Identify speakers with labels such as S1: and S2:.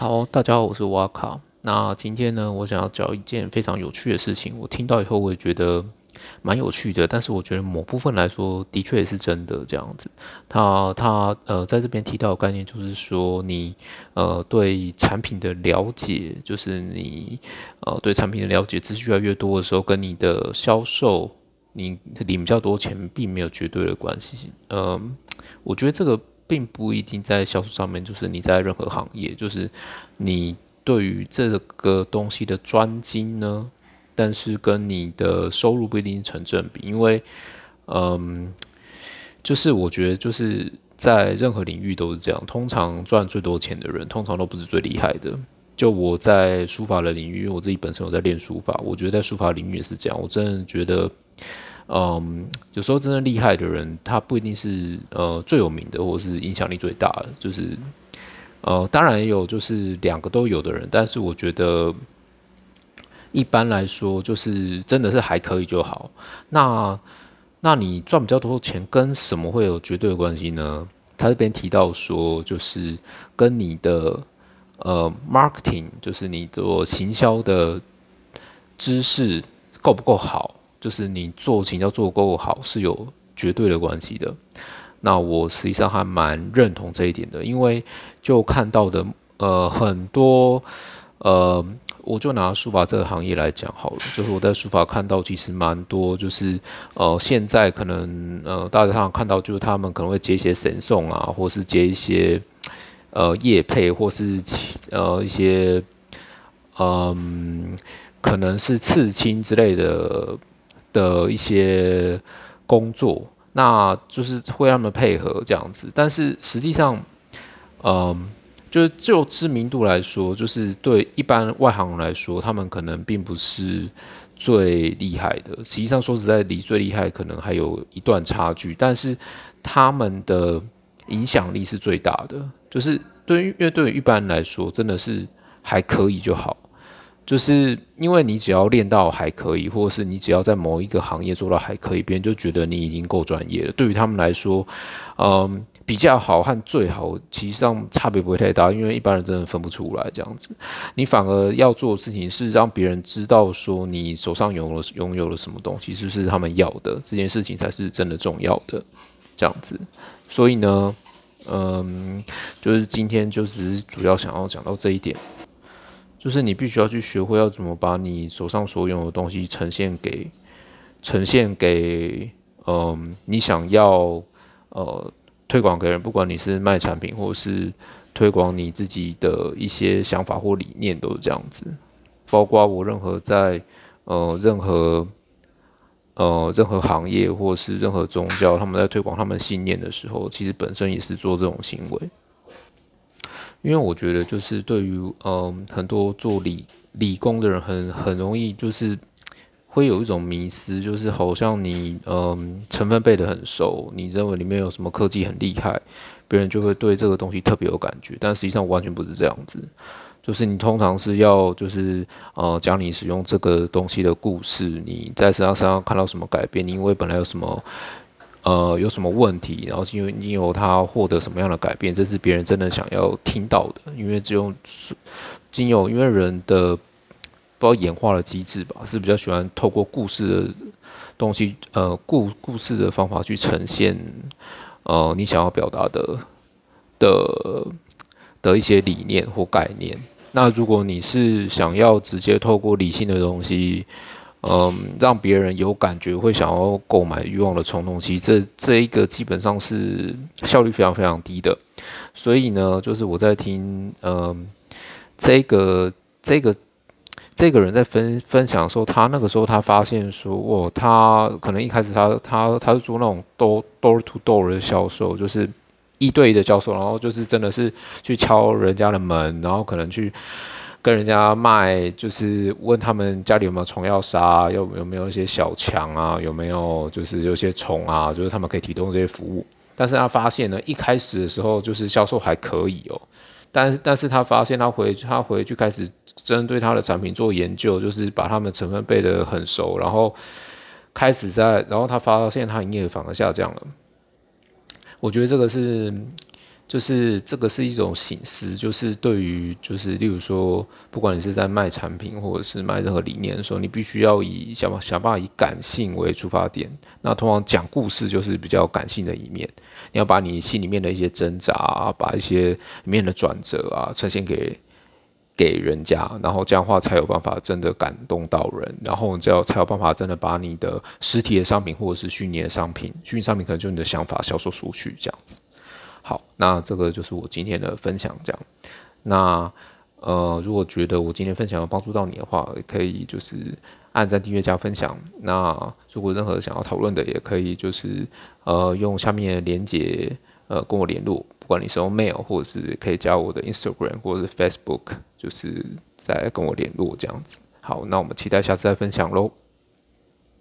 S1: 好，大家好，我是瓦卡。那今天呢，我想要講一件非常有趣的事情。我聽到以後，我也覺得蠻有趣的。但是我覺得某部分來說，的確也是真的這樣子。他他呃，在這邊提到的概念，就是說你呃對產品的了解，就是你呃對產品的了解，知識越來越多的時候，跟你的銷售，你領比較多錢，並沒有絕對的關係。嗯、呃，我覺得這個。並不一定在銷售上面，就是你在任何行業，就是你對於這個東西的專精呢，但是跟你的收入不一定成正比，因為，嗯，就是我覺得就是在任何領域都是這樣，通常賺最多錢的人，通常都不是最厲害的。就我在書法的領域，因為我自己本身有在練書法，我覺得在書法領域也是這樣，我真的覺得。嗯，有時候真的厲害的人，他不一定是呃最有名的，或者是影響力最大的，就是呃，當然也有就是兩個都有的人，但是我覺得一般來說，就是真的是還可以就好。那那你賺比較多錢跟什麼會有絕對的關係呢？他這邊提到說，就是跟你的呃 marketing，就是你做行銷的知識夠不夠好。就是你做請要做夠好是有絕對的關係的。那我實際上還蠻認同這一點的，因為就看到的呃很多呃，我就拿書法這個行業來講好了，就是我在書法看到其實蠻多，就是呃現在可能呃大家看到就是他們可能會接一些神頌啊，或是接一些呃業配或是呃一些嗯、呃、可能是刺青之類的。的一些工作，那就是會讓他們配合這樣子。但是實際上，嗯、呃，就是就知名度來說，就是對一般外行來說，他們可能並不是最厲害的。實際上說實在，離最厲害可能還有一段差距。但是他們的影響力是最大的，就是對於樂隊一般來說，真的是還可以就好。就是因為你只要練到還可以，或者是你只要在某一個行業做到還可以，別人就覺得你已經夠專業了。對於他們來說，嗯，比較好和最好，其實上差別不會太大，因為一般人真的分不出來這樣子。你反而要做的事情是讓別人知道說你手上有了擁有了什麼東西，是不是他們要的，這件事情才是真的重要的。這樣子，所以呢，嗯，就是今天就只是主要想要講到這一點。就是你必須要去學會要怎麼把你手上所有的東西呈現給，呈現給，嗯，你想要，呃，推廣給人，不管你是賣產品或者是推廣你自己的一些想法或理念，都是這樣子。包括我任何在，呃，任何，呃，任何行業或是任何宗教，他們在推廣他們信念的時候，其實本身也是做這種行為。因為我覺得，就是對於嗯、呃、很多做理理工的人很，很很容易就是會有一種迷思，就是好像你嗯、呃、成分背得很熟，你認為裡面有什麼科技很厲害，別人就會對這個東西特別有感覺，但實際上完全不是這樣子。就是你通常是要就是呃講你使用這個東西的故事，你在實際上身上看到什麼改變，你因為本來有什麼。呃，有什麼問題？然後經由他獲得什麼樣的改變？這是別人真的想要聽到的。因為只有經由因為人的不要演化的機制吧，是比較喜歡透過故事的東西，呃，故故事的方法去呈現，呃，你想要表達的的的一些理念或概念。那如果你是想要直接透過理性的東西。嗯，讓別人有感覺會想要購買慾望的衝動，其實這這一個基本上是效率非常非常低的。所以呢，就是我在聽，嗯，這個這個這個人在分分享的時候，他那個時候他發現說，哦，他可能一開始他他他是做那種 door door to door 的銷售，就是一對一的銷售，然後就是真的是去敲人家的門，然後可能去。跟人家賣，就是問他們家裡有沒有蟲要殺，有有沒有一些小強啊，有沒有就是有些蟲啊，就是他們可以提供這些服務。但是他發現呢，一開始的時候就是銷售還可以哦、喔，但是但是他發現他回他回去開始針對他的產品做研究，就是把他們成分背得很熟，然後開始在，然後他發現他營業額反而下降了。我覺得這個是。就是這個是一種形式，就是對於就是例如說，不管你是在賣產品或者是賣任何理念的時候，你必須要以想想辦法以感性為出發點。那通常講故事就是比較感性的一面，你要把你心裡面的一些掙扎啊，把一些裡面的轉折啊呈現給給人家，然後這樣的話才有辦法真的感動到人，然後你只要才有辦法真的把你的實體的商品或者是虛擬的商品，虛擬商品可能就你的想法銷售出去這樣子。好，那這個就是我今天的分享，這樣。那呃，如果覺得我今天的分享有幫助到你的話，可以就是按贊、訂閱、加分享。那如果任何想要討論的，也可以就是呃用下面的鏈接呃跟我聯絡，不管你是用 mail 或者是可以加我的 Instagram 或者是 Facebook，就是再跟我聯絡這樣子。好，那我們期待下次再分享嘍。